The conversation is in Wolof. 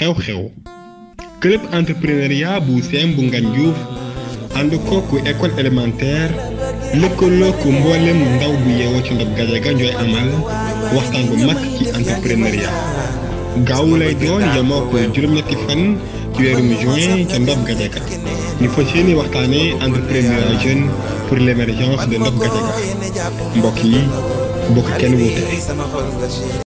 xew-xew club entrepreneuriat bu Sembou Ngagne Diouf ànd kooku école élémentaire lëkkaloo ko mboolem ndaw bu yeewoo ci ndob Gadiaga ñooy amal waxtaan bu mag ci entrepreneuriat gaaw lay doon yemoo ko juróom-ñetti fan ci weerum juin ca ndob Gadiaga ñu fas ni waxtaanee entrepreneuriat jeune pour l' émergence de ndob Gadiaga mbokk yi bokk kenn wuute